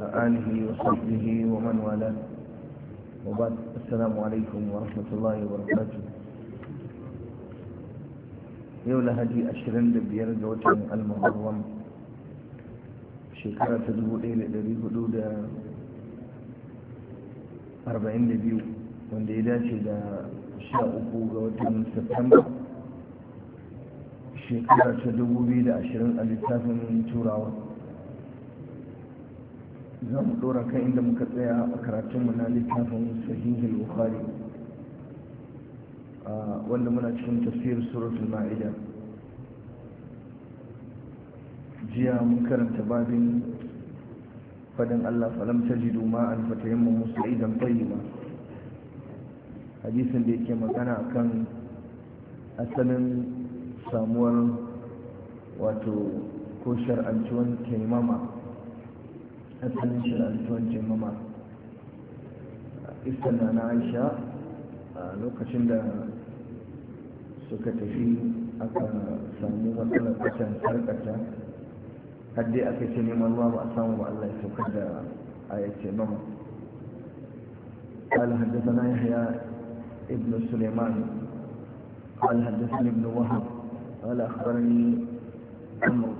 آله وصحبه ومن والاه وبعد السلام عليكم ورحمة الله وبركاته يولا هدي أشرين لبيار جوتن المحرم شكرا تدبو إلي لدي حدود أربعين لبيو wanda ya dace da sha uku ga watan Septemba shekara ta dubu biyu da ashirin za mu ɗora kan inda muka tsaya a mu na littafin al bukhari wanda muna cikin tafsir suratul ma'ida jiya mun karanta babin fadin allah falam tajidu an fatayyamu musa'idan tayyiba hadisin da yake magana akan asalin samuwar wato ko shar'antuwan taimama asalin shirarruwan jimama iskan na aisha a lokacin da suka tafi aka samu matsalar kacan sarkata haddai aka ce neman ruwa ba a samu ba Allah ya saukar da ayace mama قال حدثنا يحيى ابن سليمان قال حدثني ابن وهب قال اخبرني عمرو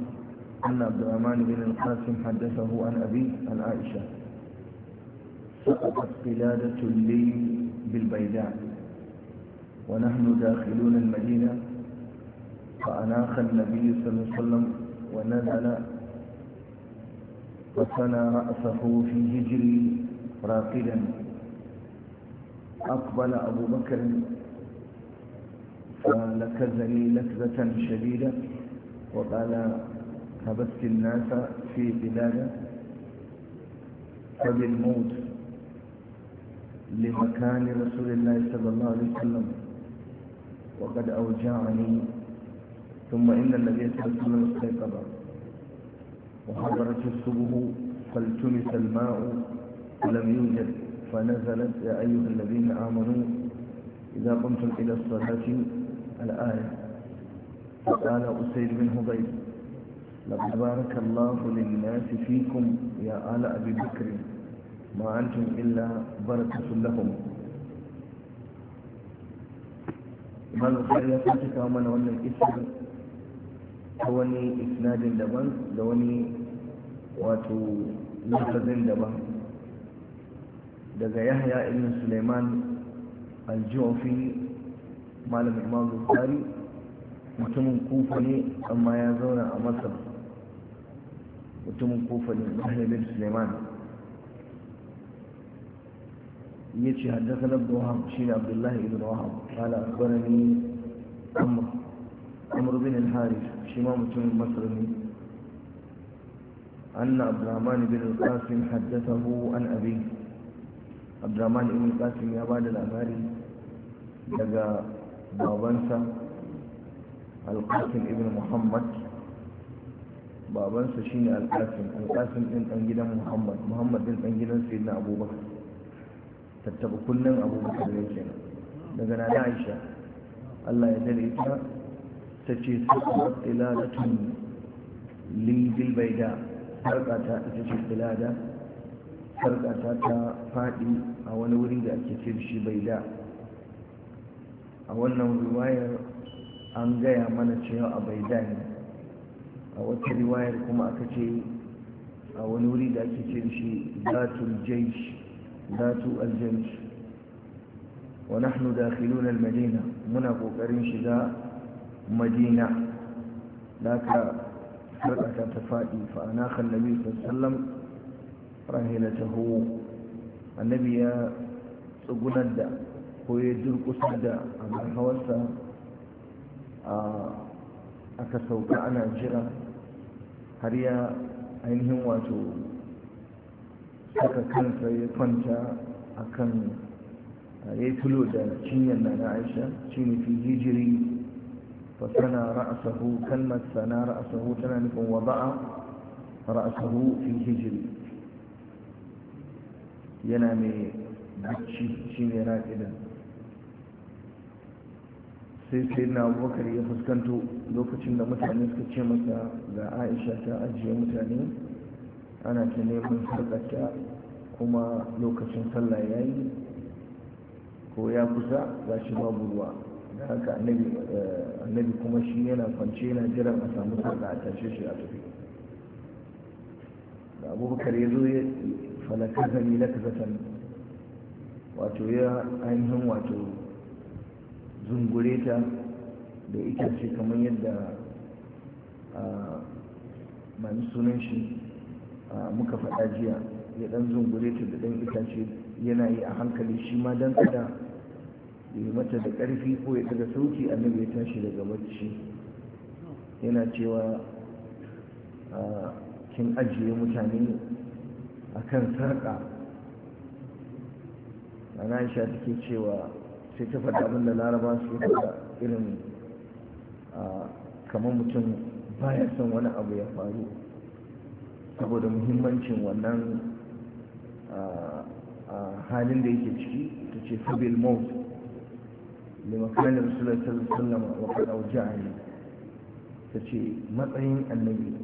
أن عبد الرحمن بن القاسم حدثه عن أبي عن عائشة سقطت قلادة لي بالبيداء ونحن داخلون المدينة فأناخ النبي صلى الله عليه وسلم ونزل وثنى رأسه في هجري راقدا أقبل أبو بكر فلكزني لكزة شديدة وقال حبست الناس في بلاد فبالموت لمكان رسول الله صلى الله عليه وسلم وقد أوجعني ثم إن الذي صلى استيقظ وحضرت الصبح فالتمس الماء ولم يوجد فنزلت يا أيها الذين آمنوا إذا قمتم إلى الصلاة الآية فقال أسير بن هبيب لقد بارك الله للناس فيكم يا آل أبي بكر ما أنتم إلا بركة لهم imam bukari ya sace kawo mana wannan isar ta wani isnadin daban da wani wato lafazin daban daga yahya ibn suleiman aljufi malam imam mutumin kufa ne amma ya zauna a masar mutumin kofa ne Yahya bin Sulaiman yace haddathana Ibn shi ne Abdullahi ibn Wahab qala akhbarani Amr Amr bin al-Harith shi ma mutumin Masar ne أن عبد الرحمن بن haddasa حدثه an أبيه عبد الرحمن بن ya ba da الأماري daga babansa القاسم Ibn Muhammad. babansa shine alƙasim alƙasim ɗin ɗan gidan muhammad muhammad ɗin ɗan gidan sayi na abubakar tattaba kunnen abubakar ne daga na aisha allah ya dare ita ta ce sakarar ilalatun lingil bai da sarƙata ita ce ilada sarƙata ta faɗi a wani wuri da ake ce shi bai da a wannan riwayar an gaya mana cewa a bai da ne a wata riwayar kuma aka ce a wani wuri da ake ce shi zatul jaish zatu aljaish wa nahnu dakhilun almadina muna kokarin shiga madina laka sarƙata ta faɗi fa ana khallabi sallam rahilatahu annabi ya tsugunar da ko ya durkusa da abin a aka sauka ana jira har ya ainihin wato saka kansa ya kwanta a kan ya yi tulo da cinyar na aisha shi fi hijiri fasana ra'asahu kalmar sana ra'asahu tana nufin wada'a ra'asahu fi hijiri yana mai bacci shi ne ra'idan sai sai na abubakar ya fuskanto lokacin da mutane suka ce masa ga aisha ta ajiye mutane ana ta neman sarƙata kuma lokacin sallah ya yi ko ya kusa za shi babu ruwa da haka eh, annabi kuma shi yana kwance yana jiran a samu sarka a tashe shi a tafi da abubakar ya zo ya falaka zami na wato ya ainihin wato zungure ta da itace kamar yadda mani sunan shi muka faɗa jiya ya ɗan zungure ta da ɗan itace yana yi a hankali shi ma dan kada ya yi mata da ƙarfi ko ya daga sauki a nan ya tashi daga bacci yana cewa kin ajiye mutane a kan sarƙa ana aisha take cewa sai ta faɗi abin da laraba su da irin kamar mutum baya son wani abu ya faru saboda muhimmancin wannan halin da yake ciki ta ce fabil maut da rasulun sallallahu sallama wa kada wajahani ta ce matsayin annabi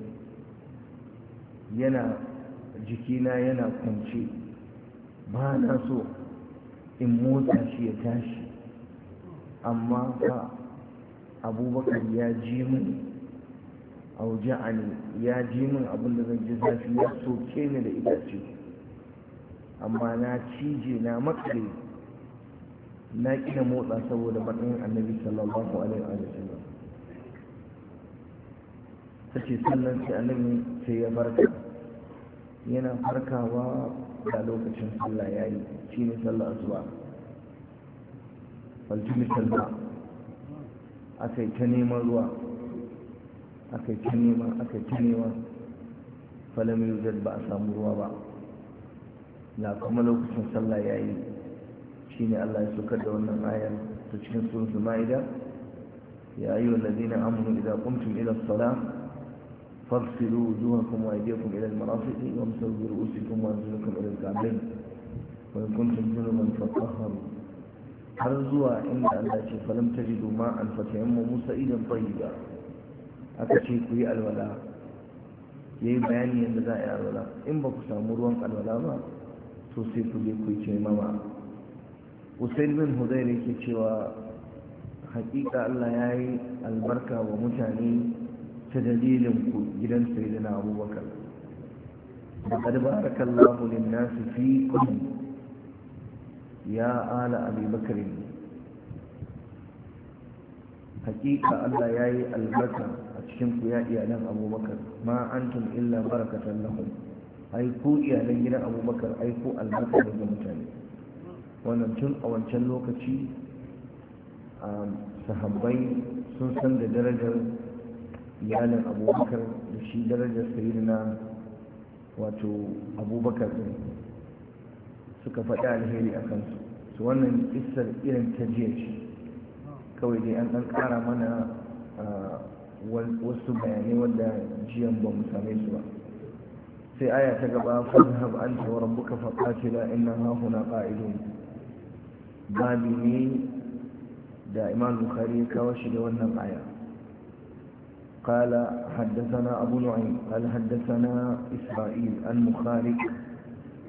yana jikina yana kwance ba na so in motsa shi ya tashi amma fa abubakar ya ji min auja'ani ya ji min abin da zan ji zafi ya soke ni da itace amma na cije na makare na kina motsa saboda matsayin annabi sallallahu alaihi wa sallam ta ce sannan sai annabi sai ya farka yana farkawa da lokacin sallah yayi ne sallar asuba faljumitar ba aka yi ta neman ruwa aka yi ta nema aka yi ta nema falamin zai ba a samu ruwa ba na kuma lokacin sallah ya yi shi ne allah ya sokar da wannan ayar ta cikin sun zuma'ida ya yi wa lazina amunu idan kumtum ila sala فاغسلوا وجوهكم وايديكم الى المرافق وامسوا برؤوسكم وارجلكم الى الكعبين وان كنتم جنبا فطهروا har zuwa inda Allah ce falam jido ma an mu musa idan ba aka ce ku yi alwala yayi bayani yadda za a yi alwala in ba ku samu ruwan alwala ba to sai ku je ku yi ce mama usaid bin hudayr yake cewa hakika Allah ya yi albarka wa mutane ta dalilin ku gidan na abubakar لقد na su fi فيكم ya ala abi ne hakika Allah ya yi albarka a cikin ku ya iyalan abubakar ma antum illa barakatan lahum ai ku iyalan gidan abubakar ai ku albarka daga mutane wannan tun a wancan lokaci sahabbai sun san da darajar iyalan abubakar da shi darajar sayidina wato abubakar din suka faɗi alheri a kansu su wannan isar irin ta jiya ce kawai dai an ɗan ƙara mana wasu bayanai wadda jiyan ba mu same su ba sai aya ta gaba fadhhab anta wa rabbuka ina inna hahuna qa'idun babi ne da imam bukhari ya kawo shi da wannan aya قال حدثنا أبو نعيم قال حدثنا إسرائيل عن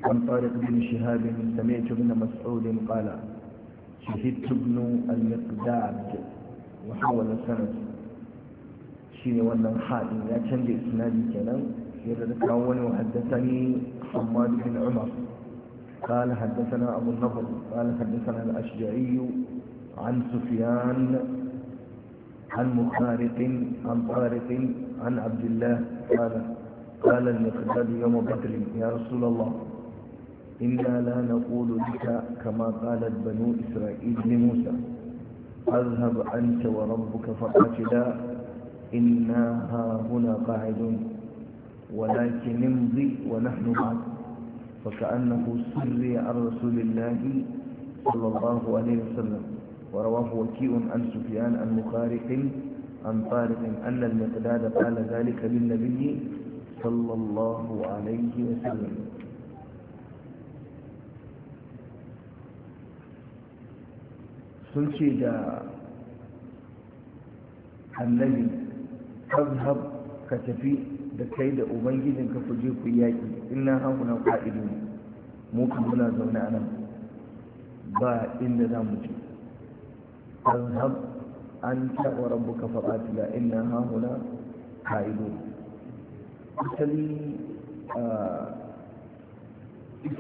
عن طارق بن شهاب سمعت بن مسعود قال شهدت ابن المقداد وحول السند شيني وانا حائل يا تنجي اسنادي كلام يرد كون وحدثني حماد بن عمر قال حدثنا ابو النضر قال حدثنا الاشجعي عن سفيان عن مخارق عن طارق عن عبد الله قال قال المقداد يوم بدر يا رسول الله إنا لا نقول لك كما قالت بنو إسرائيل لموسى اذهب أنت وربك فقتلا إنا هنا قاعدون ولكن امضي ونحن معك فكأنه سري عن رسول الله صلى الله عليه وسلم ورواه وكيء عن سفيان عن مخارق عن طارق أن المقداد قال ذلك للنبي صلى الله عليه وسلم sun ce da annabi azhab ka tafi da kai da Ubangijin ka je ku yaƙi ina hankuna ƙa'idu mu ka muna zaune a nan ba inda za mu ce azhab an taɓa rabbuka faɗatila ina hankuna ƙa'idu asali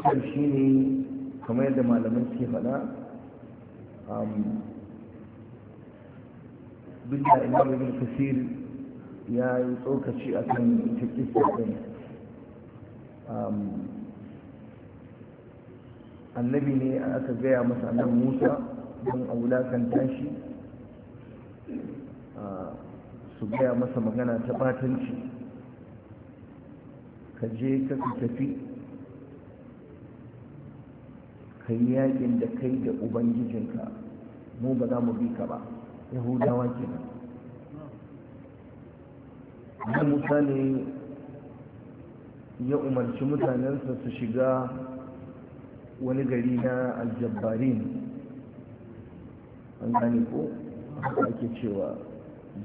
a shi ne kamar yadda malamai suke faɗa duk da imam ibn kasir ya yi tsokaci a kan ita kisa annabi ne aka gaya masa nan musa don a wulakanta shi su gaya masa magana ta batanci ka je ka tafi ka yi yakin da kai da ubangijinka mu ba za mu bi ka ba yahudawa kenan da musa ne ya umarci mutanensa su shiga wani gari na aljabbarin an gane ko haka ake cewa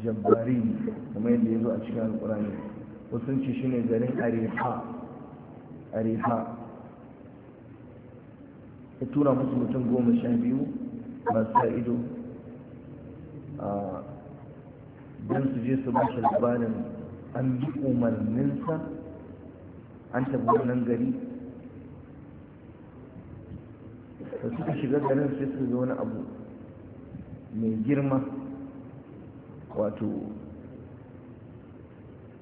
jabbarin kuma yadda ya zo a cikin alkurani wasu ci ne garin Arefa. ya tura musu mutum goma sha biyu masu ido don su je su ba shi labarin an bi umarninsa an tabi wannan gari da suka shiga garin sai su ga wani abu mai girma wato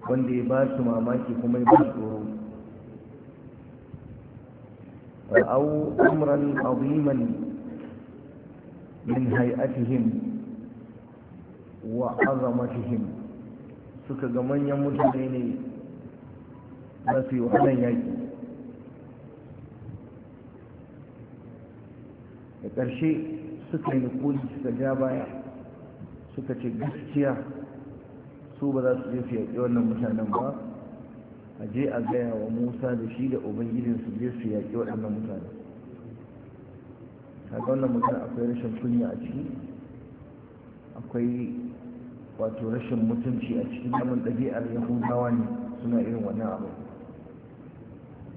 wanda ya ba su mamaki kuma ya ba su tsoro رأوا أمرا عظيما من هيئتهم وعظمتهم suka ga manyan mutane ne mafi wannan yaƙi da ƙarshe suka yi koli suka ja baya suka ce gaskiya su ba za su je fiye wannan mutanen ba a je a gaya wa musa da shi da ubangijin su je su yaƙi waɗannan mutane kaga wannan mutum akwai rashin kunya a ciki akwai wato rashin mutunci a cikin namun ɗabi'ar yahudawa ne suna irin wannan abu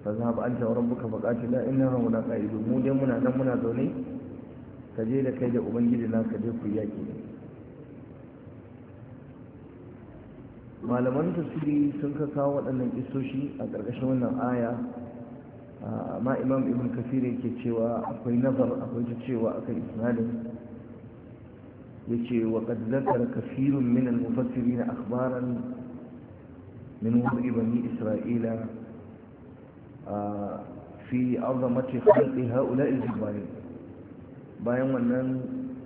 fa za ba an tawarar buka buƙaci na ina hauna ƙa'idu mu dai muna nan muna zaune ka je da kai da ubangiji na ka je ku yaƙi ne malaman tafsiri sun ka kawo waɗannan isoshi a ƙarƙashin wannan aya amma imam ibn kafir yake cewa akwai nazar akwai ta cewa akan isnadin yace wa qad kafirun min al-mufassirin akhbaran min wadi bani isra'ila fi azamati khalqi ha'ula'i al-jabbarin bayan wannan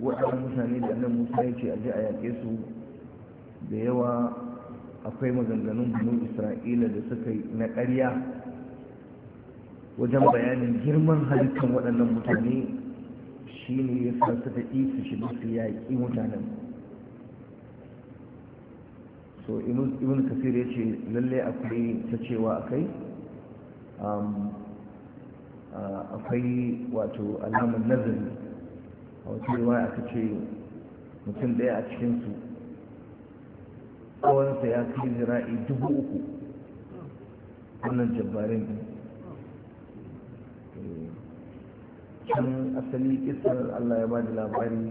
waɗannan mutane da annabi Musa ya ce a ji a yaƙe su da yawa akwai maganganun banu isra'ila da suka yi na ƙarya wajen bayanin girman halittar waɗannan mutane shi ne ya sa suka isa shi da su yaƙi mutanen so ibn kafir ya ce lallai akwai ta cewa akai um, akwai wato alamar nazari a wata riwaya aka ce mutum ɗaya a cikinsu kawansa ya kai zira'i dubu uku wannan jabbarin eh, can asali kisar allah ya ba da labari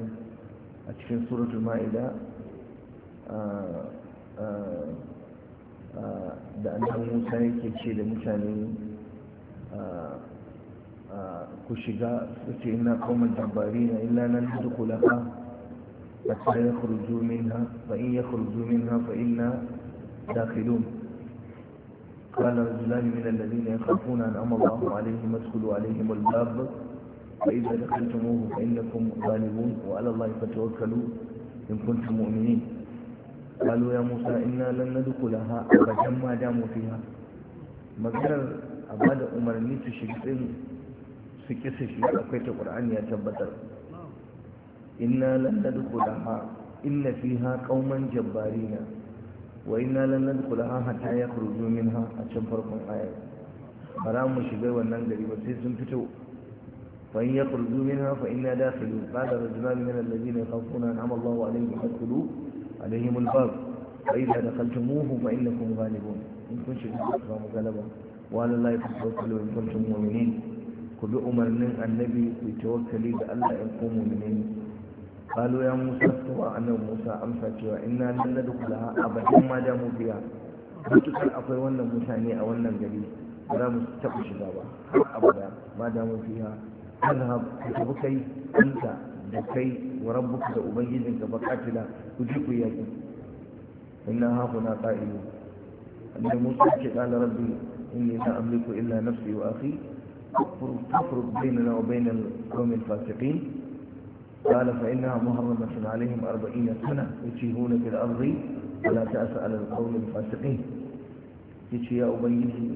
a cikin suratul ma'ida da annabi musa yake ce da mutane ku shiga su ce ina kawman jabbari na illa nan da kulaka حتى يخرجوا منها فإن يخرجوا منها فإنا داخلون قال رجلان من الذين يخافون أن أمر الله عليهم ادخلوا عليهم الباب فإذا دخلتموه فإنكم غالبون وعلى الله فتوكلوا إن كنتم مؤمنين قالوا يا موسى إنا لن ندخلها أبدا ما داموا فيها maganar a bada umarni su shiga su ƙi su shiga akwai ta ƙur'ani ya tabbatar inna lan nadkhulaha illa fiha qauman jabbarina wa inna lan nadkhulaha hatta yakhruju minha a can farkon ayar ba za mu shiga wannan gari ba sai sun fito fa in yakhruju minha fa inna dakhilun qala rajulan min alladhina yakhafuna an'ama Allahu alayhim fadkhulu alayhim al-bab fa idha dakhaltumuhu fa innakum ghalibun in kun shiga kuntum tukhrabun ghalaba wa ala Allahi fatawakkalu in kuntum mu'minin ku bi umarnin annabi ku tawakkali ga Allah in kuntum mu'minin قالوا يا موسى سوى أن موسى أمسى cewa إنا لن ندخلها أبدا ما داموا فيها mutukar akwai wannan mutane a wannan gari ba za mu taɓa shiga ba har abada ma da mu fiya an ha ku tafi kai anta da kai wa rabbuka da ubangijinka ba katila ku ji ku yaki inna ha kuna qa'ilu annabi musa ce illa wa قال فإنها محرمة عليهم أربعين سنة يتيهون في الأرض ولا تأس على القوم الفاسقين يتي يا أبيتي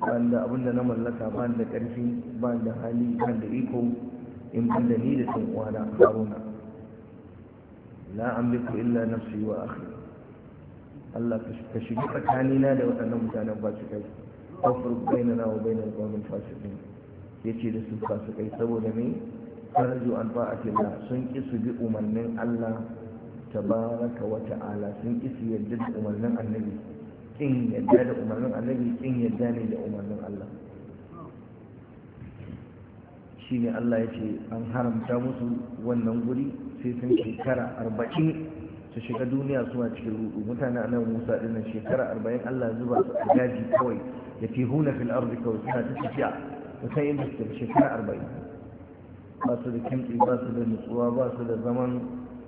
قال لا أبن نمر لك بان لك أرفي بان لحالي بان لإيكو إن بان لنيلة وأنا أخبرنا لا أملك إلا نفسي وأخي الله كشجرة كانينا لو أنا متانا باسكين أفرق بيننا وبين القوم الفاسقين يتي لسوا فاسقين سبو دمي faraju an ba'atillah sun ki su bi umarnin Allah tabaraka wa ta'ala sun ki su yarda da umarnin annabi kin yadda da umarnin annabi kin yadda ne da umarnin Allah Shi ne Allah ya ce an haramta musu wannan guri sai sun shekara arba'in su shiga duniya suna cikin rudu mutane anan musa nan. shekara arba'in allah zuba su a daji kawai ya fi huna fil ardi kawai suna ta tafiya musan inda suke shekara arba'in ba su da kimɗi ba su da nutsuwa ba su da zaman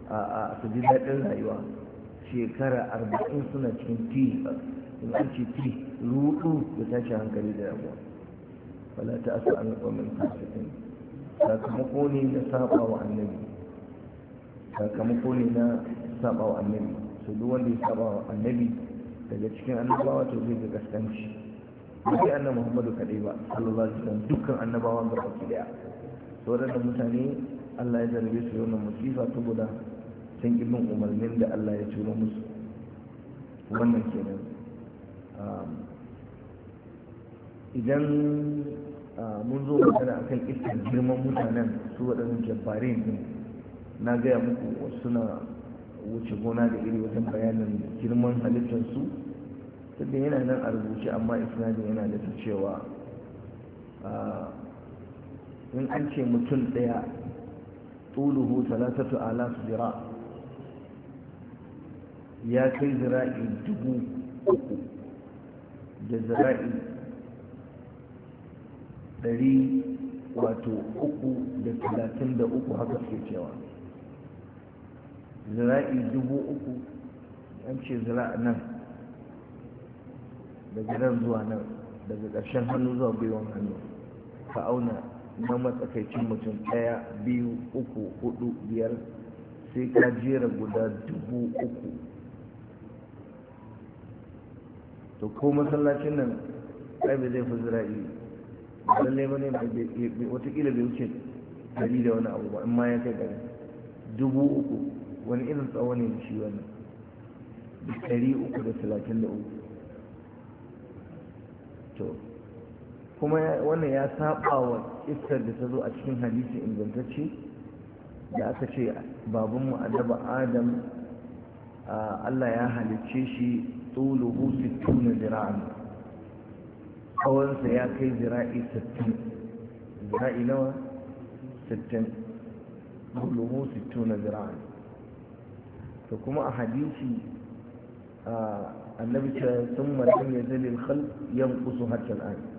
a su ji daɗin rayuwa shekara arba'in suna cikin ti in an ce ti rudu da tashi hankali da yawa wala ta asu an kwamin kasitin sakamako ne na saba wa annabi sakamako ne na saba wa annabi su duk wanda ya saba wa annabi daga cikin annabawa to zai ga kaskanci ba sai annabi muhammadu kaɗai ba sallallahu alaihi wasallam dukkan annabawa ga baki daya to da mutane Allah ya zarge su wannan musifa ta guda sun ki umarnin da Allah ya ciro musu wannan kenan idan mun zo magana akan iskar girman mutanen su waɗannan jabbarin ne na gaya muku wasu na wuce gona da iri wajen bayanin girman halittarsu tunda yana nan a rubuce amma isnadin yana da cewa in an ce mutum ɗaya tuluhu talatatu ala zira ya kai zira'i dubu uku da zira'i ɗari wato uku da talatin da uku haka suke cewa zira'i dubu uku an ce zira'a nan daga nan zuwa nan daga ƙarshen hannu zuwa gwiwan hannu ka auna na matsakaicin mutum ɗaya biyu uku hudu biyar sai ka jera guda dubu uku to ko masallacin nan ai zai fi zira'i lallai ba ne watakila bai wuce dari da wani abu ba in ma ya kai dari dubu uku wani irin tsawon ne shi wannan dari uku da talatin da uku to kuma wannan ya saba wa iskar da ta zo a cikin hadisi ingantacce da aka ce babanmu adaba adam Allah ya halicce shi tsuluhu sittuna zira'an tsawonsa ya kai zira'i sittin zira'i nawa sittin tsuluhu sittuna zira'an to kuma a hadisi annabi ta sun malam ya zalil khal yankusu hatta al'ani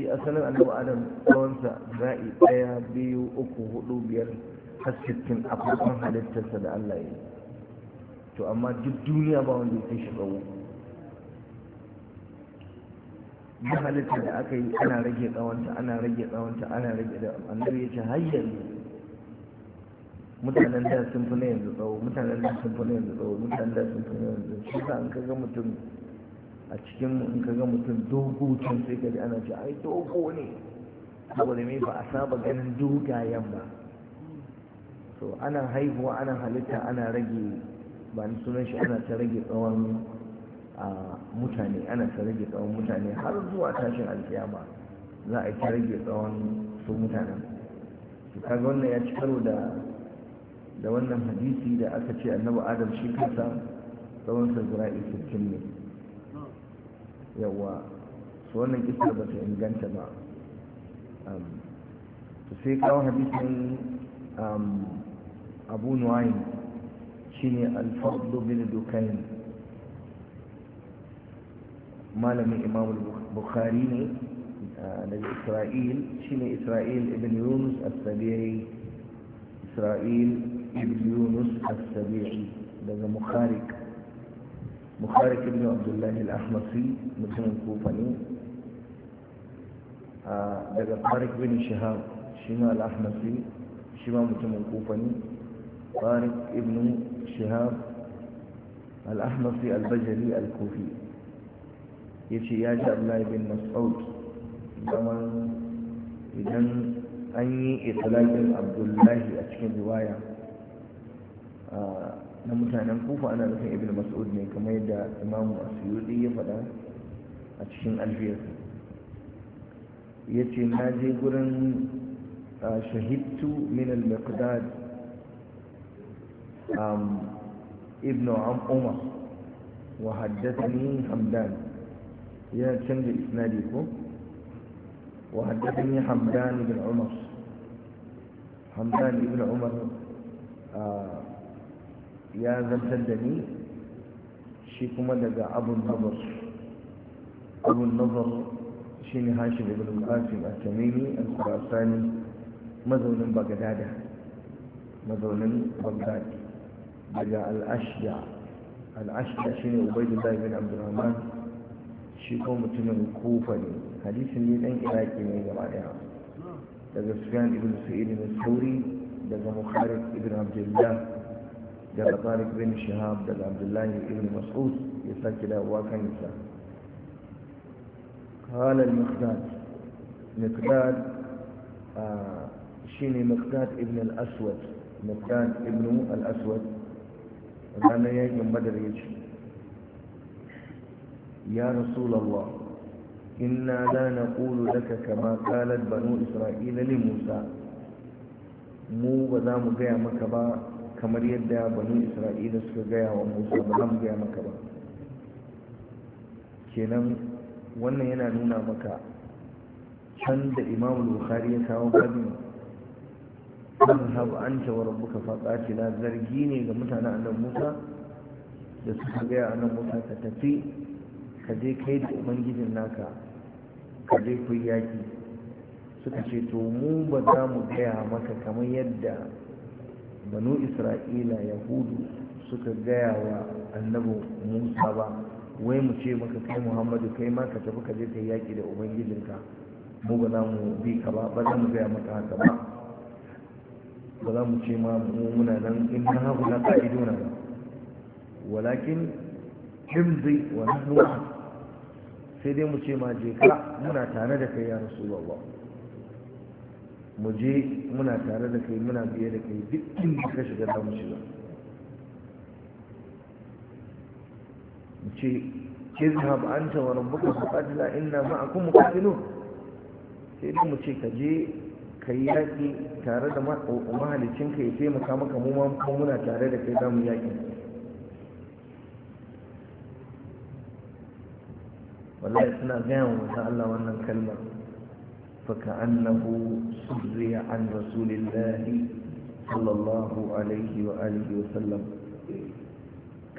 shi asalin annabi adam tsawonsa za'i ɗaya biyu uku hudu biyar har sittin a farkon halittarsa da allah ya yi to amma duk duniya ba wanda ya shi tsawo duk halittar da aka yi ana rage tsawonta ana rage tsawonta ana rage da annabi ya ce har yanzu mutanen da sun fi na yanzu tsawo mutanen da sun fi na yanzu tsawo mutanen da sun fi na yanzu shi sa an kaga mutum a cikin in ka ga mutum dogo can sai ka ji ana ce ai dogo ne saboda mai ba a saba ganin dogayen ba so ana haihuwa ana halitta ana rage ba ni sunan shi ana ta rage tsawon mutane ana ta rage tsawon mutane har zuwa tashin alkiyama za a ta rage tsawon su mutanen to kaga wannan ya ci karo da wannan hadisi da aka ce annabi adam shi kansa tsawon sa zura'i 60 ne yawa su wannan kisar ba su inganta ba um, to sai kawo hadisin um, abu nuwayin shine alfadlu bin dukain malamin imam bukhari ne uh, daga isra'il shine isra'il ibn yunus as-sabiri isra'il ibn yunus as-sabiri daga mukharik مخارج بن عبد الله الأحمصي مسلم كوفني daga farik bin shahab shi ma al'ahmasi shi ma mutumin kufa ne farik ibn shahab al'ahmasi albajali al-kufi ya ce ya ji abdullahi bin mas'ud zaman idan an yi itilakin abdullahi a cikin riwaya na mutanen kufa ana nufin ibn mas'ud ne kamar yadda imam asyuti ya faɗa a cikin alfiyar ya ce na je gurin shahidtu min al-miqdad ibn umar wa haddathani hamdan ya canza isnadi ko wa haddathani hamdan ibn umar hamdan ibn umar ya zartar da ni shi kuma daga abun nazar abun nazar shi ne hashim ibn qasim al-tamimi al-qurasani mazaunin bagdada mazaunin bagdad daga al-ashja al-ashja shi ne ubaidullah ibn abdurrahman shi kuma mutumin kofa ne hadisin ne dan iraki ne gaba daya daga sufyan ibn sa'id ibn sauri daga mukharib ibn abdullah daga tsarik bin shahab daga abdullahi ibn mas'ud ya sake dawowa kan isa kawalar mikdad mikdad ah, shi ne mikdad ibn al-aswad mikdad ibn al-aswad ranar yakin badar ya ce ya rasulallah inna la naqulu laka kama qalat banu isra'ila li musa mu ba za mu gaya maka ba kamar yadda banu isra'ila suka gaya wa musa ba mu gaya maka ba kenan wannan yana nuna maka can da imam bukhari ya kawo fadin an habu an wa rabbuka na zargi ne ga mutanen annabi musa da suka gaya annabi musa ka tafi ka je kai da ubangijin naka ka je ku yaki suka ce to mu ba za mu gaya maka kamar yadda banu isra'ila yahudu suka gaya wa annabi musa ba wai mu ce maka kai muhammadu kai ma ka tafi ka je ka yaƙi da ubangijinka mu ba za mu bi ka ba ba za mu gaya maka haka ba ba za mu ce ma mu muna nan in na hagu na na ba walakin himzi wa nahnu sai dai mu ce ma je ka muna tare da kai ya rasulullah mu je muna tare da kai muna biye da kai duk inda ka shiga za mu shiga mu ce izhab anta wa rabbuka faqatila inna ma'akum muqatilun sai dai mu ce ka je ka yi yaƙi tare da mahalicin ka ya taimaka maka mu ma muna tare da kai za mu yaƙi wallahi suna gaya wa Allah wannan kalmar فكأنه سري عن رسول الله صلى الله عليه وآله وسلم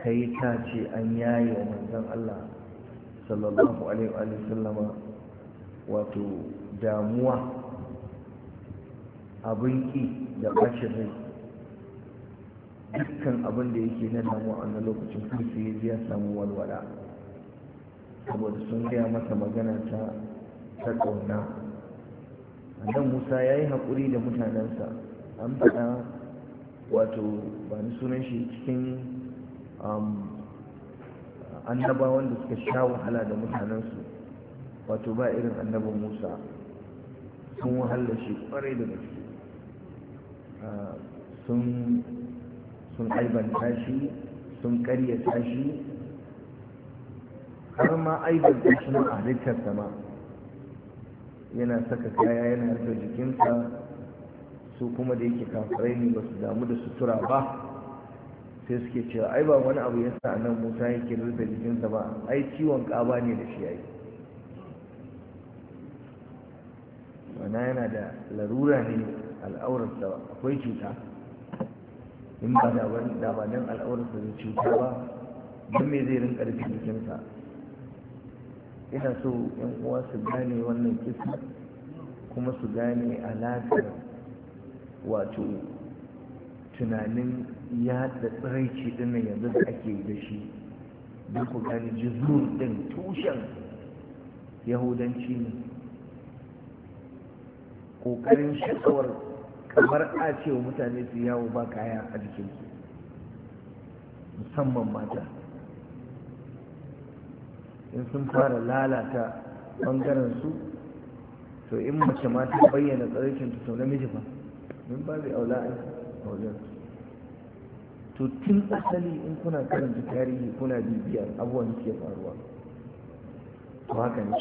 كي تاتي أن ياي ومنزل الله صلى الله عليه وآله وسلم وتو داموة أبنكي دقاشر dukkan abin da yake na damu a wannan lokacin kurfi ya samu walwala saboda sun gaya masa magana ta ta ƙauna annan musa ya yi haƙuri da mutanensa an faɗa wato ba ni sunan shi cikin um, annabawan da suka sha wahala da mutanensu wato ba irin annaban musa sun wahala shi kwarai da gaske ah, sun aibanta shi sun karyata shi har ma aibanta shi a halittar sama yana saka kaya yana rufe jikinsa su kuma da yake kafirai ne ba su damu da sutura ba sai suke cewa ai ba wani abu yasa nan musa yake rufe jikinsa ba ai ciwon kaba ne da shi yayi wana yana da larura ne al'aurar da akwai cuta in ba da ba dan al'aurar da cuta ba don me zai rinka rufe jikinsa ina so yan uwa su gane wannan kisa kuma su gane alaƙar wato tunanin da tsiraici ɗin yanzu da ake da shi don ku gane jizur ɗin tushen yahudanci ne ƙoƙarin shakawar kamar a cewa mutane su yawo ba kaya a jikin musamman mata in sun fara lalata bangaren su to in mace ma ta bayyana tsarkin ta to namiji ba min ba zai aula a wajen to tun asali in kuna karanta tarihi kuna bibiyar abubuwan da ke faruwa to haka ne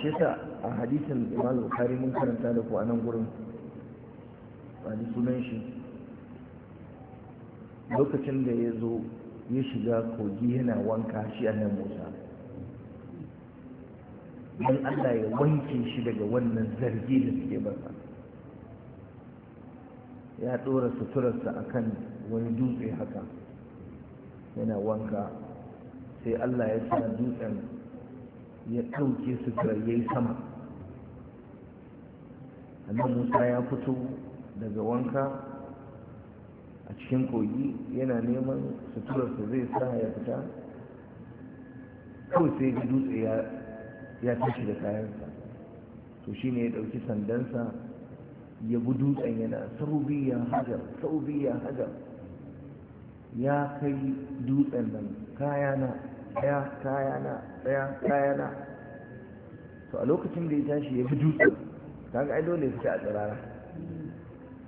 a hadisin imam bukari mun karanta da ku a nan gurin ba ni sunan shi lokacin da ya zo ya shiga kogi yana wanka shi a nan musa don Allah ya wanke shi daga wannan zargi da suke masa ya ɗora suturarsa a kan wani dutse haka yana wanka sai Allah ya sa dutsen ya ɗauke suturar ya yi sama annan musa ya fito daga wanka a cikin kogi yana neman suturarsa zai sa ya fita kawai sai dutse ya ya tashi da kayansa to shine ya ɗauki sandansa ya bi dutsen yana saubiya hajar saubiya hajar ya kai dutsen nan kayana ɗaya kayana ɗaya kayana to a lokacin da ya tashi ya bi dutsen kaga ai dole ya fita a tsirara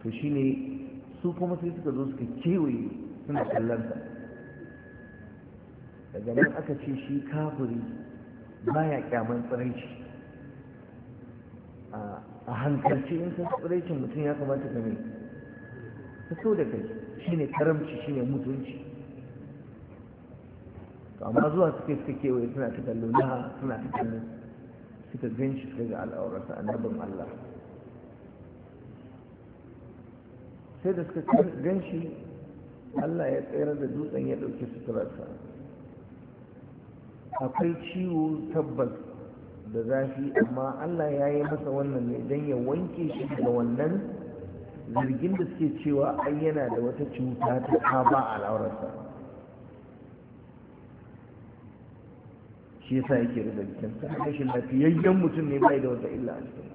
to shine su kuma sai suka zo suka kewaye suna kallonsa daga nan aka ce shi kafiri baya kyaman tsiraici a hankalci in san tsiraicin mutum ya kamata ka ne ka so da kai shine karamci ne mutunci amma zuwa suke suka kewaye suna ta kallo na suna ta kallo suka gan shi suka ga al'aurarsa annabin Allah sai da suka gan shi Allah ya tsayar da dutsen ya ɗauki suturarsa akwai ciwo tabbas da zafi amma Allah ya yi masa wannan ne don ya wanke shi daga wannan zargin da suke cewa an yana da wata cuta ta kaba a laurarsa shi yasa yake da jikinsa shi lafiyayyen mutum ne bai da wata illa a cikin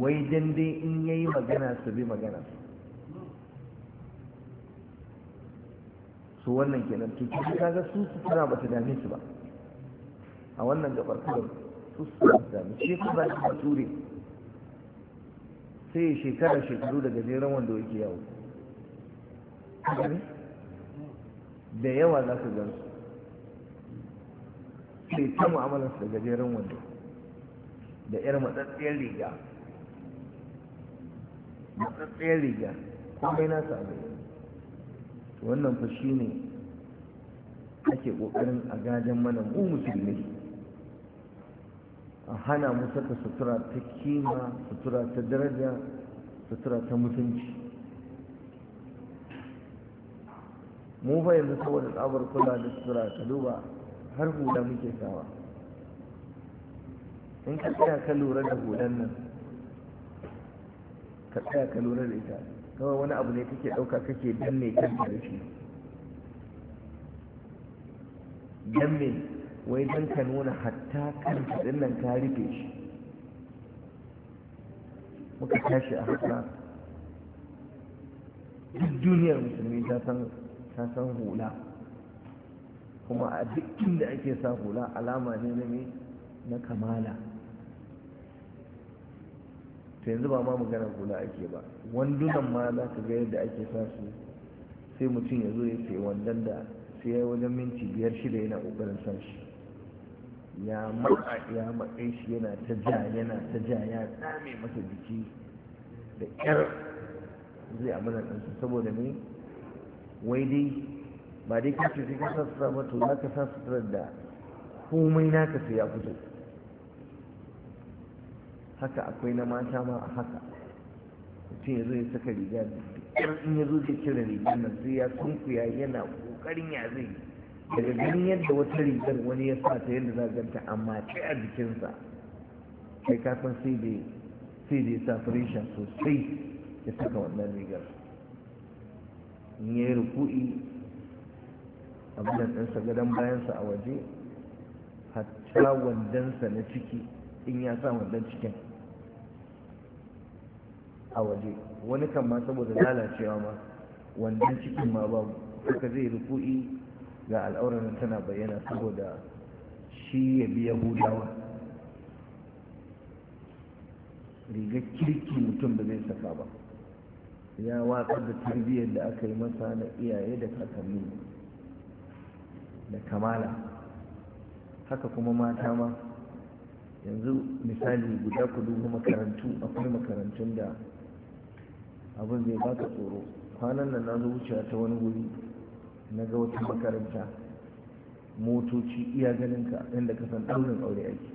wai dan in yayi magana su bi magana su su wannan kenan to kin kaga su tana ba ta dame su ba a wannan gabar kawai su su ta dame shi ku ba ta ture sai shekara shekaru da gajeren wanda yake yawo da yawa za ka gan su sai ta su da gajeren wando da 'yar matsatsiyar riga matsatsiyar riga komai na samu wannan fa ne ake kokarin a gajen mana mu musulmi a hana mu saka sutura ta kima sutura ta daraja sutura ta mutunci mu fa yanzu saboda tsabar kula da sutura ta duba har hula muke sawa in ka tsaya ka lura da hulan nan ka tsaya ka lura da ita kawai wani abu ne kake ɗauka kake danne kan shi danne wai don ka nuna hatta kan ɗin nan ka rufe shi muka tashi a haka duk duniyar musulmi ta san san hula kuma a duk inda ake sa hula alama ne na kamala to yanzu ba ma maganar kula ake ba wandunan ma za ka ga yadda ake sa su sai mutum ya zo ya sai wandan da sai ya wajen minti biyar shida yana kokarin sa shi ya matsa ya matsa shi yana ta ja yana ta ja ya tsame masa jiki da ƙyar zai amina ɗansa saboda ne wai dai ba dai kace sai ka sa su sa ba to za ka sa suturar da komai naka sai ya fito haka akwai na mata ma a haka mutum ya zo ya saka riga in ya zo zai cire rigar nan sai ya sunkuya yana kokarin ya zai daga ganin yadda wata rigar wani ya sa ta yadda za ganta amma ta a jikinsa kai kafin sai da sai da ya sa furisha sosai ya saka wannan rigar in ya yi ruku'i a da ɗansa gadon bayansa a waje hatta wandansa na ciki in ya sa wannan cikin a waje wani kan ma saboda lalacewa ma wannan cikin ma ba haka zai ruku'i ga al'auran tana bayyana saboda shi ya biya hudawa. rigar kirki mutum ba zai saka ba ya watsar da tarbiyyar da aka yi masa na iyaye da kakanni da kamala haka kuma mata ma yanzu misali guda ku duba makarantu akwai makarantun da abin zai baka tsoro kwanan nan na zo wucewa ta wani wuri na ga wata makaranta motoci iya ganin ka inda ka san ɗaurin aure aiki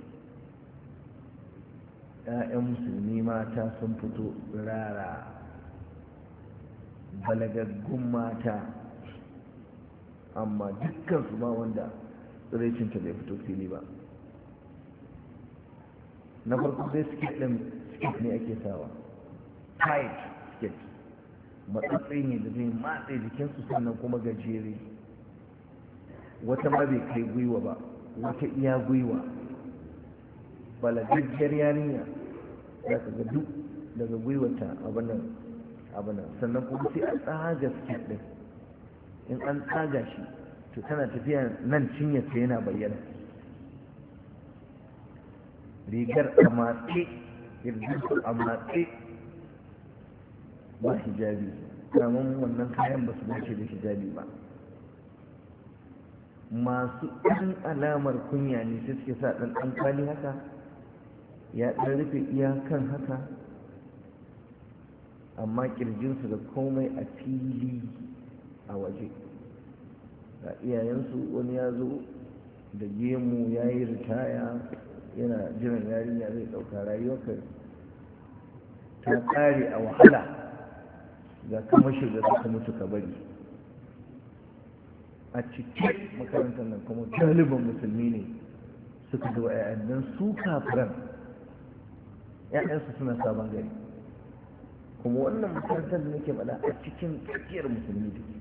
‘ya'yan musulmi mata sun fito rara balagaggun mata amma dukkan su ba wanda tsiraicinta bai fito fili ba na farko dai suke ɗin suke ne ake sawa tight basket matsatsi ne da zai matse jikinsu sannan kuma gajere wata ma bai kai gwiwa ba wata iya gwiwa balagajiyar yarinya za ka ga duk daga gwiwata abinan abinan sannan kuma sai a tsaga siket ɗin in an tsaga shi to tana tafiya nan cinyarta yana bayyana rigar a matse a matse ba hijabi Kamar wannan kayan ba su dace da hijabi ba masu ɗan alamar kunya ne sai suke sa ɗan ɗan kwali haka ya ɗan rufe iyakan haka amma ƙirjinsu da komai a fili a waje ga iyayensu wani ya zo da gemu ya yi ritaya yana jiran yarinya zai ɗauka rayuwa. ta ƙare a wahala ga kamar shiga da mutu ka bari a cikin makarantar nan kuma galibin musulmi ne suka zo ‘ya'yan don su kafiran ‘ya'yansu suna sabon gari kuma wannan makarantar da nake faɗa a cikin tsakiyar musulmi da ke.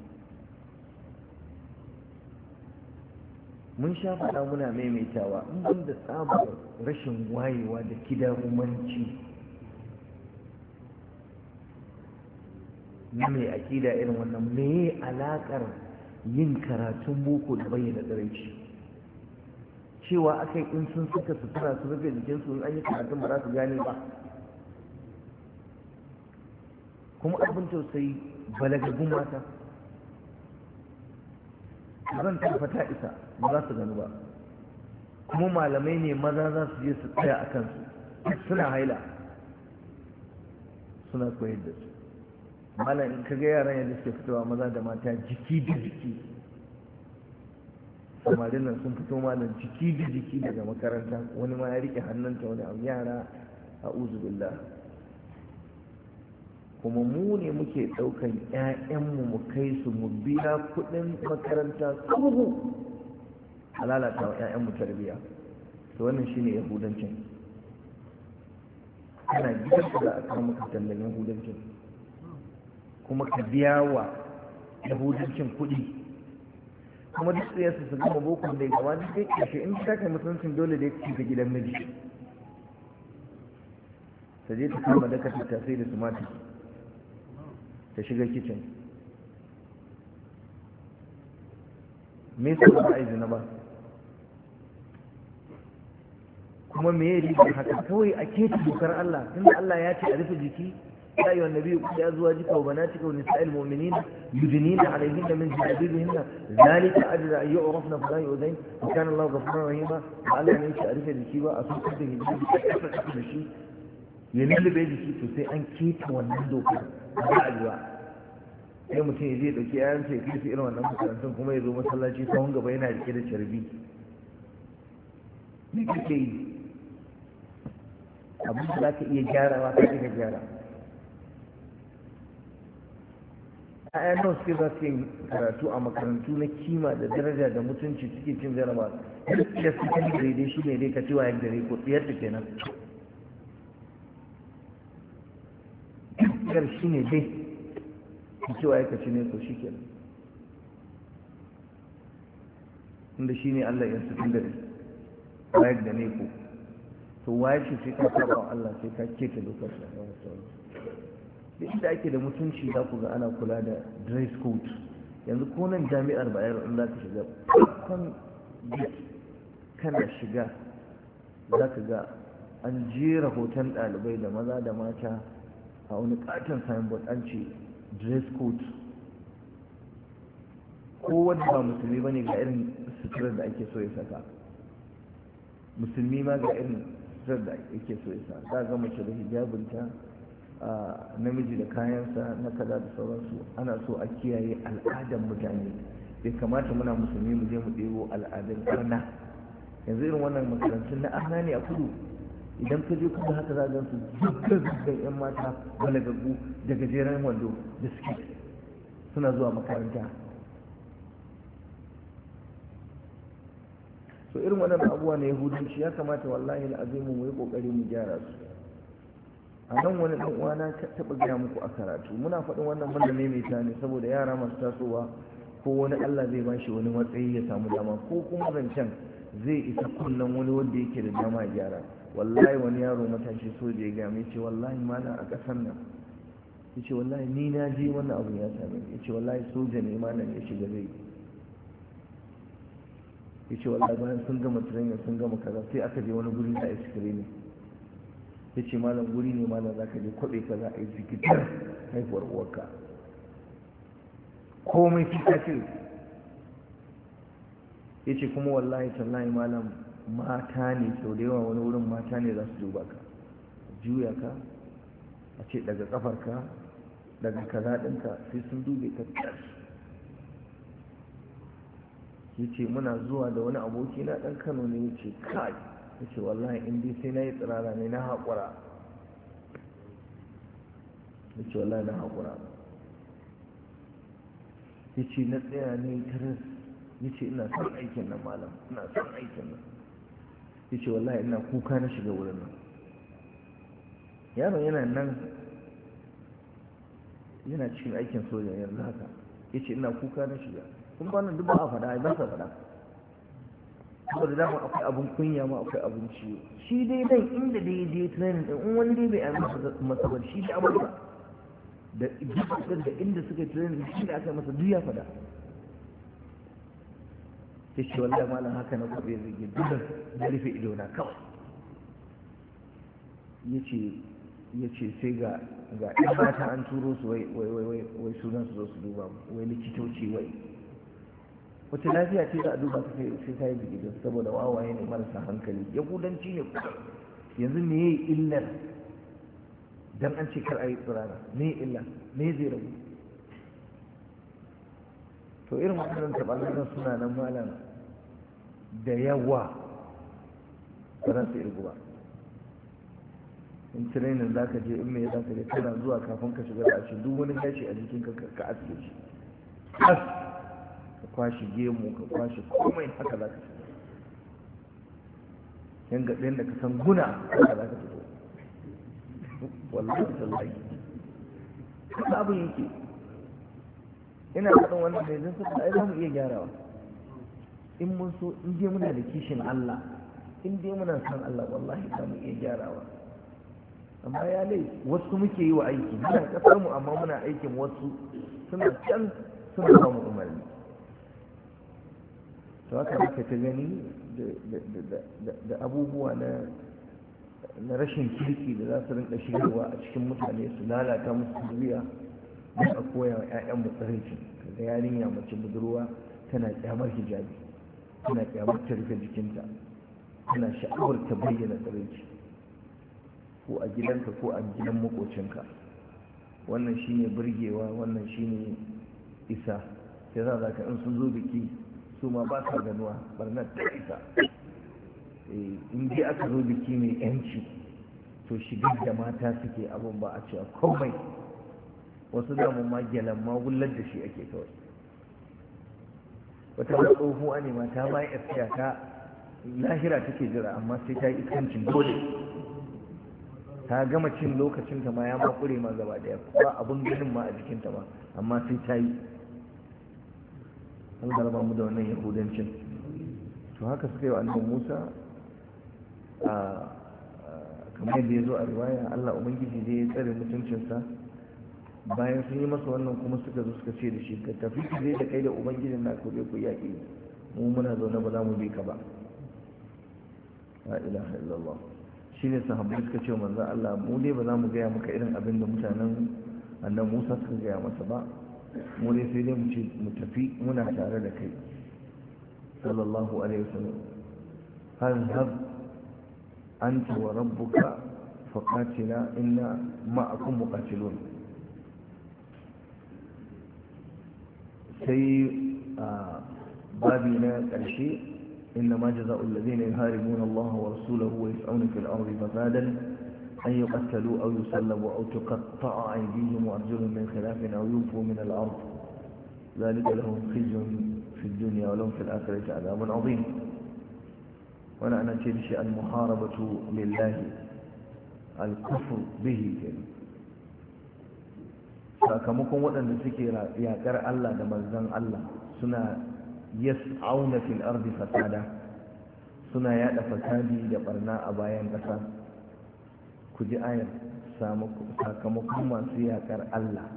mun sha faɗa muna maimaitawa in da tsabar rashin wayewa da umarci. na mai akida irin wannan meye alakar yin karatun boko da bayyana tsiraici cewa akai in sun suka sutura su rufe jikinsu in an yi karatun ba za su gane ba kuma abin tausayi balagagun mata zan tarfata isa ba za su gani ba kuma malamai ne maza za su je su tsaya a kansu suna haila suna koyar da su mana in ka yaran yadda suke fitowa maza da mata jiki da jiki samarin nan sun fito ma nan jiki da jiki daga makaranta wani ma ya rike hannunta wani abu yara a uzubillah kuma mu ne muke ɗaukan ƴaƴanmu mu kai su mu biya kuɗin makaranta tsohu a lalata wa ƴaƴanmu tarbiyya to wannan shine yahudancin ana gidan da za kawo maka tallan yahudancin kuma ka biya wa yahudancin kuɗi kuma duk tsaye su gama bokon da ya gaba duk da ƙarshe in ta kai mutuncin dole da ya ci ta gidan miji ta je ta kama daka tattasai da tumatir ta shiga kicin me su ba a izina ba kuma me ya riga haka kawai a keta dokar Allah tunda Allah ya ce a rufe jiki يا أيها النبي قل لأزواجك وبناتك ونساء المؤمنين يدنين عليهن من جلابيبهن ذلك أجل أن يعرفن فلا يؤذين وكان الله غفورا رحيما قال أن يشاء أريك الشيوى أصبح به الشيء ينال بيد الشيء تسي أن كيت والنندوك بعد واحد sai mutum ya je dauki yayan ce kai su irin wannan makarantun kuma ya zo masallaci tsawon gaba yana rike da carbi me kake yi abin da za ka iya gyarawa ka ka ya'ya nawa suke za su yin karatu a makarantu na kima da daraja da mutunci suke cin jaraba da suke gare daidai shi ne dai ka cewa yadda ne ko tsiyar ta kenan tsiyar shi ne dai ka cewa ya kaci ne ko shi kenan inda shi ne Allah ya suke gare wayar da ne ko to waye shi sai ka saba Allah sai ka keta lokacin da ya wani da inda ake da mutunci za ku ga ana kula da dress code yanzu ko jami'ar bayar in za ka shiga farkon kana shiga za ka ga an jera hoton ɗalibai da maza da mata a wani katon signboard an ce dress code ko ba musulmi ba ne ga irin suturar da ake so ya saka musulmi ma ga irin suturar da ake so ya saka za ga mace da hijabinta namiji da kayansa na kaza da sauransu ana so a kiyaye al'adar mutane bai kamata muna musulmi mu je mu ɗebo al'adun arna yanzu irin wannan makarantun na arna ne a kudu idan ka je kuma haka za gansu dukkan yan mata gaggu da gajeren wando da suke suna zuwa makaranta so irin wannan abubuwa na yahudanci ya kamata wallahi al'azimu mu yi kokari mu gyara su a nan wani ɗan uwana ta taɓa gaya muku a karatu muna faɗin wannan banda mai ne saboda yara masu tasowa ko wani Allah zai ba shi wani matsayi ya samu dama ko kuma zancen zai isa kunnen wani wanda yake da dama a gyara wallahi wani yaro matashi soja ya gami ce wallahi mana a ƙasar nan ya ce wallahi ni na je wannan abu ya same ya ce wallahi soja ne ma ya shiga zai ya ce wallahi bayan sun gama training sun gama kaza sai aka je wani gurin da ice cream ya ce malam guri ne malam za ka je kwaɓe ka za a yi zikitar haifuwar uwarka komai fi kafin ya ce kuma wallahi tallahi malam mata ne sau da yawa wani wurin mata ne za su duba ka juya ka a ce daga kafar ka daga kaza ɗinka sai sun dube ka ya ce muna zuwa da wani aboki na ɗan kano ne ya ce kai yace wallahi in dai sai na yi tsirara ne na haƙura yace wallahi na haƙura ce na tsaya ne ya yace ina son aikin nan malam ina son aikin nan yace wallahi ina kuka na shiga wurin nan yaron yana nan yana cikin aikin soja yanzu haka yace ina kuka na shiga kuma nan duk ba a faɗa ba sa faɗa saboda za mu akwai abin kunya ma akwai abin ciwo shi dai nan inda dai je training din in wani dai bai yi masa masabar shi da amurka da gidan da inda suka yi training shi da aka masa duya fada ta ce wallahi malam haka na gobe zai dukkan na rufe na kawai yace yace sai ga ga ɗan mata an turo su wai sunan su zo su duba wai likitoci wai wata lafiya ce za a duba ta sai ta yi digidin saboda wawaye ne marasa hankali ya kudanci ne kuka yanzu me yi illar dan an ce kar a yi tsirara me yi illar me zai rabu to irin waɗannan tabbatar suna nan malam da yawa ba za su yi ba in tirenin za ka je in mai za ka je tana zuwa kafin ka shiga da duk wani gashi a jikin ka ka aske shi kwashe gemu ka kwashe komai haka za ka fito yan gaɗin da ka san guna haka za ka fito wallahi tallahi haka abin yake ina faɗin wannan mai zan saka ai za mu iya gyarawa in mun so in je muna da kishin Allah in dai muna san Allah wallahi za mu iya gyarawa amma ya lai wasu muke yi wa aiki muna kasar mu amma muna aikin wasu suna can suna ba mu umarni to haka aka ta gani da abubuwa na rashin kirki da za su rinka shigarwa a cikin mutane su lalata musu zuriya da a koya wa 'ya'yan mutsarici daga yarinya mace budurwa tana kyamar hijabi tana kyamar ta rufe jikinta tana sha'awar ta bayyana tsarici ko a gidanka ko a gidan makocinka wannan shine burgewa wannan shine isa ya za ka in sun zo biki su ma ba sa ganuwa barnar ta isa eh, in dai aka zo biki mai yanci to shigar da mata suke abin ba a cewa komai wasu damun ma gyalan ma wullar da shi ake kawai wata da a ne mata ma ya ta lahira take jira amma sai ta yi iskancin dole ta gama cin lokacinta ma ya makure ma gaba daya ba abin ganin ma a jikinta ma amma sai ta yi an garba mu da wannan yahudancin to haka suka yi wa annabi musa a kamar yadda ya zo a riwaya allah ubangiji zai ya tsare mutuncinsa bayan sun yi masa wannan kuma suka zo suka ce da shi ka tafi ki zai da kai da ubangijin na kobe ku yaƙi mu muna zaune ba za mu bi ka ba la ilaha illallah shine sahabbai suka ce manzo Allah mu dai ba za mu gaya maka irin abin da mutanen annan Musa suka gaya masa ba mu ne sai dai mu ce mu tafi muna tare da kai sallallahu alaihi wasallam har har an tuwa rabbuka faƙatila inna ma'akun buƙatilun sai a babi na ƙarshe inna ma jaza'ul ladina yuharibuna Allah wa rasulahu wa yas'una fil ardi fasadan أن يقتلوا أو يسلبوا أو تقطع أيديهم وأرجلهم من خلاف أو ينفوا من الأرض ذلك لهم خزي في الدنيا ولهم في الآخرة عذاب عظيم ونعنى تلك المحاربة لله الكفر به sakamakon waɗanda suke yaƙar Allah da manzon Allah suna yas'auna fil ardi fasada suna yada fasadi da barna a bayan ƙasa ku ji ayar samu sakamakon masu yaƙar Allah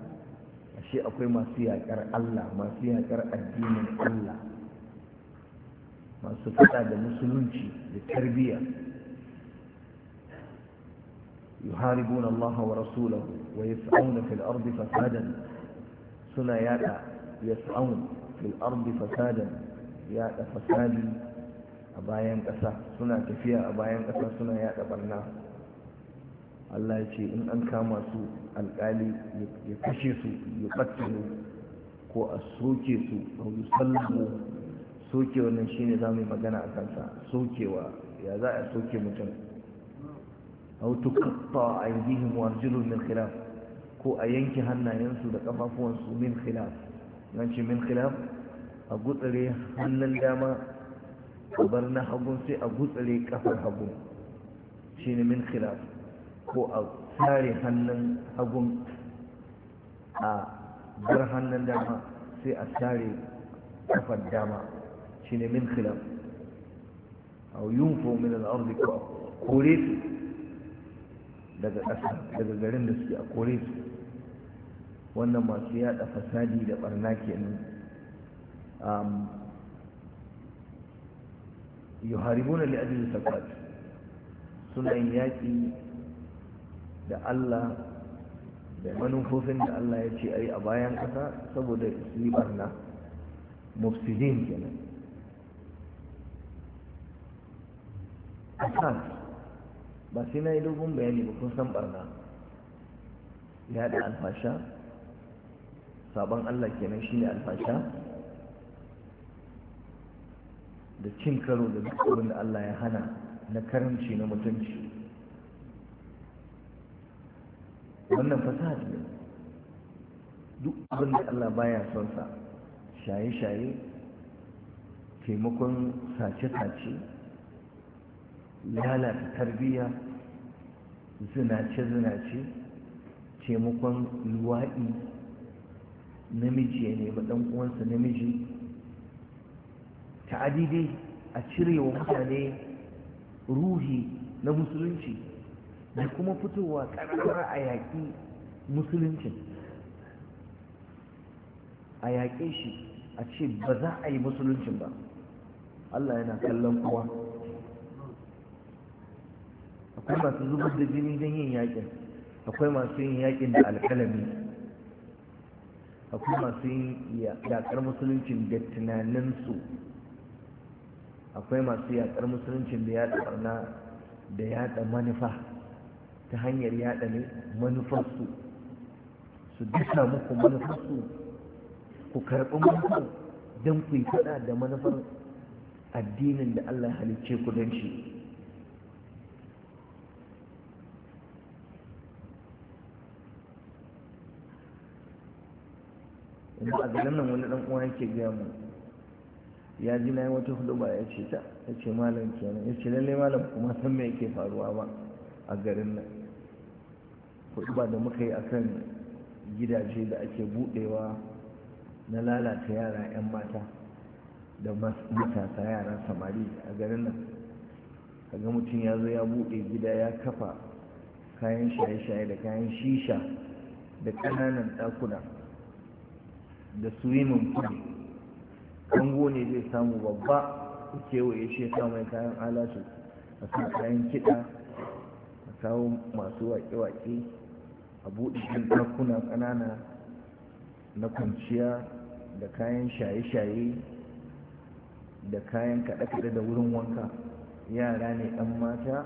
shi akwai masu yaƙar Allah masu yaƙar addinin Allah masu faɗa da musulunci da tarbiyya yuharibuna Allah wa rasulahu wai yas'auna fil ardi fasadan suna yaɗa yas'aun fil ardi fasadan yaɗa fasadi a bayan ƙasa suna tafiya a bayan ƙasa suna yaɗa barna Allah ya ce in an kama su alƙali ya kashe su ya ƙattalo ko a soke su a yusallamu soke wannan ne za mu yi magana a kansa sokewa ya za a soke mutum au tuqatta aydihim wa arjuluhum min khilaf ko a yanki hannayensu da kafafuwansu min khilaf nan ce min khilaf a gutsare hannun dama a bar na hagun sai a gutsare kafar hagun ne min khilaf ko a tare hannun hagun a bar hannun dama sai a sare kafar dama shi ne min khilaf a yun min al'arzi ko a kore su daga ƙasa daga garin da suke a kore su wannan masu yada fasadi da barna kenan yuharibuna li ajli sakat suna yaƙi da Allah da manufofin da Allah ya ce ai a bayan ƙasa saboda ribar na barna mufsidin kenan asas ba sai na yi dogon bayani ba kun san barna ya da alfasha sabon Allah kenan shine alfasha da cin karo da duk abin da Allah ya hana na karanci na mutunci wannan fasaha ce duk abin da Allah baya son sa shaye-shaye taimakon sace-sace lalata tarbiyya zinace-zinace taimakon luwaɗi namiji ya nemi ɗan uwansa namiji Ta dai a cirewa mutane ruhi na musulunci da kuma fitowa ƙarƙar a yaƙi musuluncin a yaƙe shi a ce ba za a yi musuluncin ba Allah yana kallon kowa akwai masu zubar da jini don yin yaƙin akwai masu yin yaƙin da alƙalami akwai masu yin yaƙar musuluncin da tunaninsu akwai masu yaƙar musuluncin da ya ɓarna da yaɗa manufa ta hanyar yaɗa ne manufarsu su dasa muku manufarsu ku karɓi manufar don ku yi faɗa da manufar addinin da Allah halicce ku don shi yanzu a garin nan wani ɗan uwa yake gaya mu ya ji na yi wata hudu ba ya ce ta ya ce malam kenan ya ce lallai malam kuma san me yake faruwa ba a garin nan ba da muka yi a kan gidaje da ake budewa na lalata yara 'yan mata da matasa yara samari a garin nan kaga mutum ya zo ya bude gida ya kafa kayan shaye-shaye da kayan shisha da kananan ɗakuna da swimming pool kango ne zai samu babba kewaye shi ya mai kayan alatu a kan kayan kiɗa a kawo masu waƙe-waƙe a buɗe ɗin ɗakuna ƙanana na kwanciya da kayan shaye-shaye da kayan kaɗe-kaɗe da wurin wanka yara ne ɗan mata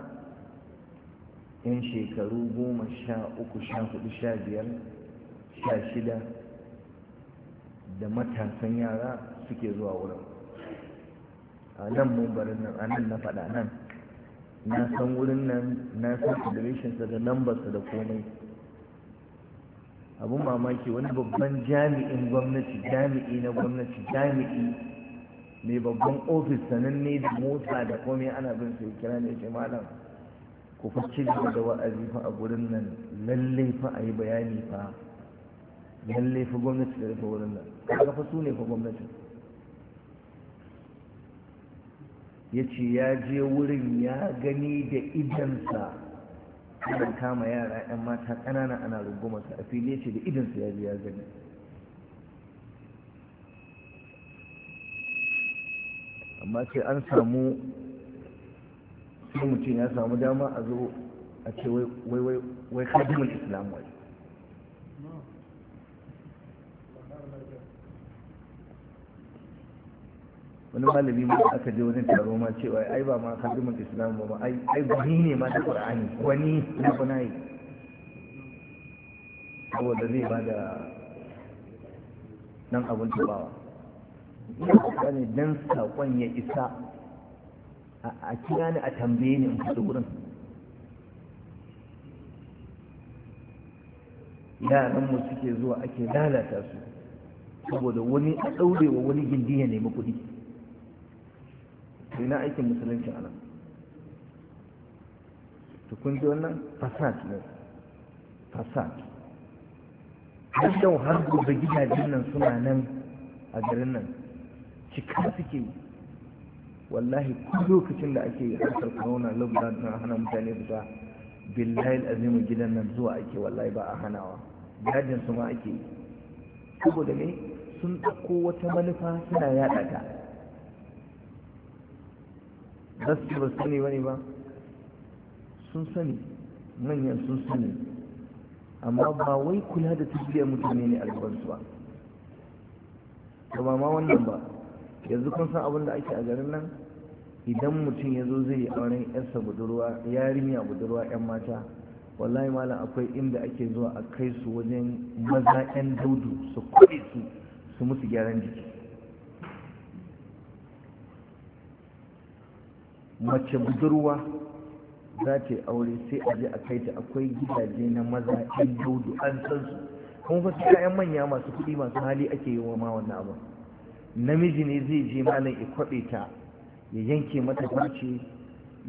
'yan shekaru goma sha uku sha hudu sha biyar sha shida da matasan yara suke zuwa wurin a nan mun nan a nan na faɗa nan na san wurin nan na san federationsa da lambarsa da komai abun mamaki wani babban jami'in gwamnati jami'i na gwamnati jami'i mai babban ofis sananne da mota da komai ana bin sai kira ne ce malam ku fa ci da wa'azi fa a gurin nan lalle fa a yi bayani fa lalle fa gwamnati da rufe wurin nan kaga fa su ne fa gwamnati ya ce ya je wurin ya gani da idansa akan kama yara yan mata ƙanana ana rungumar su a fili ce da idan su ya ya gani amma sai an samu sai mutum ya samu dama a zo a ce wai wai wai islam wai wani malami ma aka je wajen taro ma cewa ai ba ma hadimin islam ba ai ai gwani ne ma da qur'ani wani na A saboda zai ba da nan abun tubawa ne dan sakon ya isa a kira ni a tambaye ni in fito wurin yaranmu suke zuwa ake lalata su saboda wani a wa wani gindi ya nemi kuɗi sai na aikin musulunci a nan to kun ji wannan fasad ne fasad har yau har gobe gidajen nan suna nan a garin nan cika suke wallahi kun lokacin da ake harkar corona lockdown na hana mutane fita billahi azimu gidan nan zuwa ake wallahi ba a hanawa Gidajen su ma ake saboda ne sun ɗauko wata manufa suna yaɗa ta za su ba sani ba ne ba sun sani manyan sun sani amma ba wai kula da tafiya mutane ne a gabansu ba ga ba ma wannan ba yanzu kun san abin da ake a garin nan idan mutum ya zo zai yi auren yarsa budurwa yarinya budurwa yan mata wallahi malam akwai inda ake zuwa a kai su wajen maza yan daudu su kwaɗe su su musu gyaran jiki mace budurwa za ta yi aure sai a je a kai ta akwai gidaje na maza in dudu an san su kuma fa kayan manya masu kuɗi masu hali ake yi wa ma wannan abu namiji ne zai je malam ya kwaɓe ta ya yanke mata farce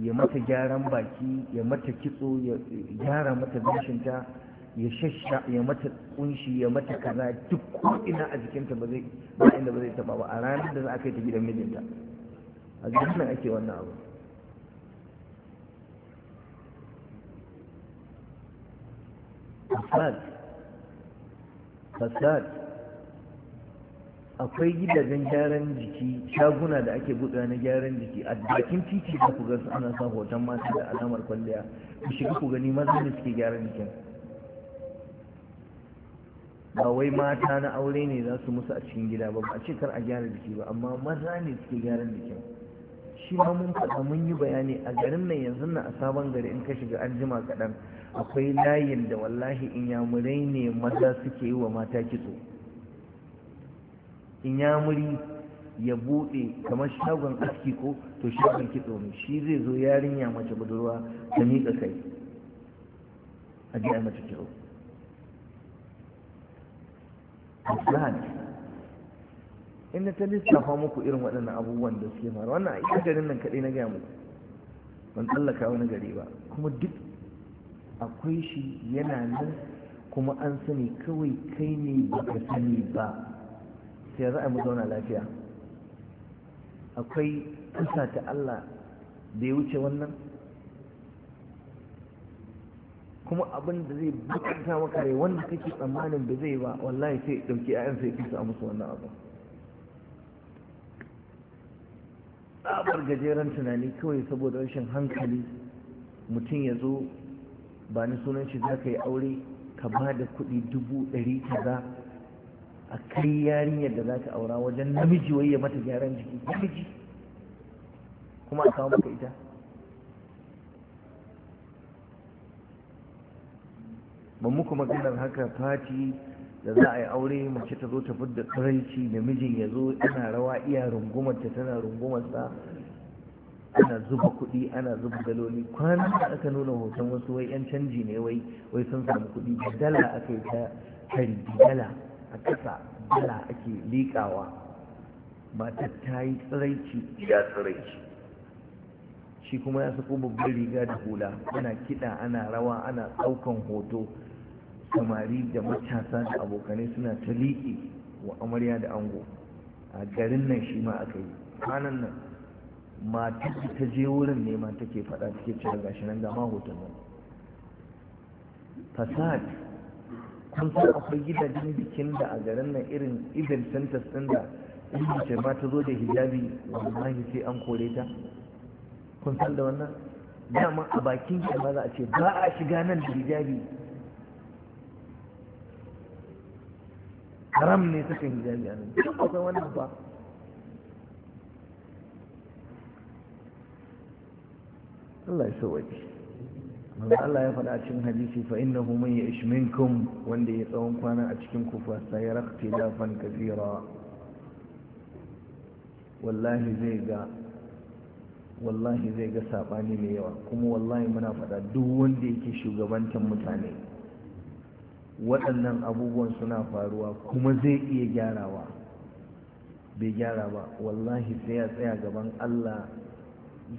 ya mata gyaran baki ya mata kitso ya gyara mata gashinta ya shasha ya mata kunshi ya mata kaza duk ko ina a jikinta ba zai ba inda ba zai taba ba a ranar da za a kai ta gidan mijinta a gidan ake wannan abu fasad fasad akwai gidajen gyaran jiki shaguna da ake buɗe na gyaran jiki a bakin titi da ku ga ana sa hoton mata da alamar kwalliya ku shiga ku gani maza ne suke gyaran jikin ba wai mata na aure ne za su musu a cikin gida ba ba a ce kar a gyara jiki ba amma maza ne suke gyaran jikin shi ma mun faɗa mun yi bayani a garin nan yanzu na a sabon gari in ka shiga an kaɗan akwai layin da wallahi in inyamurai ne maza suke yi wa mata kitso inyamuri ya buɗe kamar shagon aski ko to shagon kitso ne shi zai zo yarinya mace budurwa ta miƙa kai a ji a mace kitso inda ta lissafa muku irin waɗannan abubuwan da suke faru wannan a ita garin nan kaɗai na gaya muku ban tsallaka wani gari ba kuma duk akwai shi yana nan kuma an sani kawai kai ne ba ka sani ba sai za a zauna lafiya akwai kusa ta Allah da ya wuce wannan kuma abin da zai bukata maka rai wanda kake tsammanin da zai ba wallahi sai ɗauki 'ya'yansa ya kusa a musu wannan abu tsabar gajeren tunani kawai saboda rashin hankali mutum ya zo ba ni sunan shi za ka yi aure ka ba da kuɗi dubu ɗari kaza a kai yarinyar da za ka aura wajen namiji wai ya mata gyaran jiki namiji kuma a kawo maka ita ba muku maganar haka fati da za a yi aure mace ta zo ta fidda karanci da mijin ya zo ana rawa iya rungumarta tana rungumarsa ana zuba kuɗi ana zuba galoli kwanan da aka nuna hoton wasu wai yan canji ne wai wai sun samu kuɗi dala aka yi ta hari dala a ƙasa dala ake liƙawa mata ta yi tsiraici iya tsiraici shi kuma ya sako babbar riga da hula ana kiɗa ana rawa ana ɗaukan hoto samari da matasa da abokanai suna ta liƙe wa amarya da ango a garin nan shi ma aka yi kwanan nan mata ta je wurin ne ma take faɗa take cewa gashi nan ga hoton nan fasad kun san akwai gidajen bikin da a garin nan irin event center sanda da in mace ma ta zo da hijabi wallahi sai an kore ta kun san da wannan dama a bakin ma za a ce ba a shiga nan da hijabi haram ne sakin yi jami'a ne duk ba Allah ya sauwaje manzo Allah ya faɗa a cikin hadisi fa innahu man ya'ish minkum wanda ya tsawon kwana a cikin sai ya rakti lafan kafira wallahi zai ga wallahi zai ga sabani mai yawa kuma wallahi muna faɗa duk wanda yake shugabantan mutane waɗannan abubuwan suna faruwa kuma zai iya gyarawa bai gyara ba wallahi sai ya tsaya gaban Allah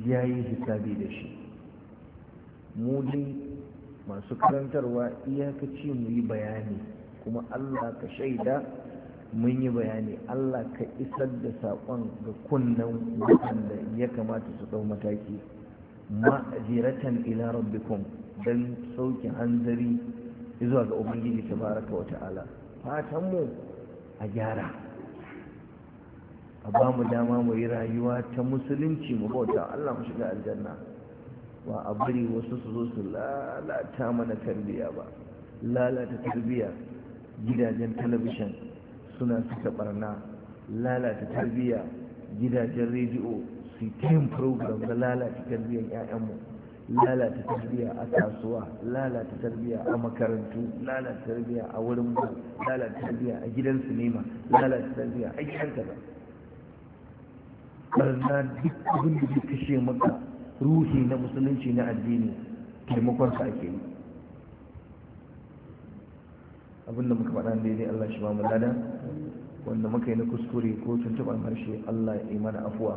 ya yi hisabi da shi mu masu karantarwa iyakaci mu yi bayani kuma Allah ka shaida mun yi bayani Allah ka isar da saƙon ga kunnen waɗanda ya kamata su ɗau mataki ma'ajiratan ila rabbikum don sauke hanzari zuwa ga ubangiji ta baraka wa ta'ala fatan mu a gyara a ba mu dama mu yi rayuwa ta musulunci mu bauta Allah mu shiga aljanna ba a bari wasu su zo su lalata mana tarbiyya ba lalata tarbiyya gidajen talabishin suna suka barna lalata tarbiyya gidajen rediyo su yi program da lalata tarbiyyar 'ya'yanmu lalata tarbiya a kasuwa lalata tarbiya a makarantu lalata tarbiya a wurin ba lalata tarbiya a gidan sinima lalata tarbiya a gidan kaza barna duk abin da zai kashe maka ruhi na musulunci na addini taimakon sa ake yi abin da muka faɗa daidai Allah shi ba mu lada wanda muka yi na kuskure ko tuntuɓar harshe Allah ya yi mana afuwa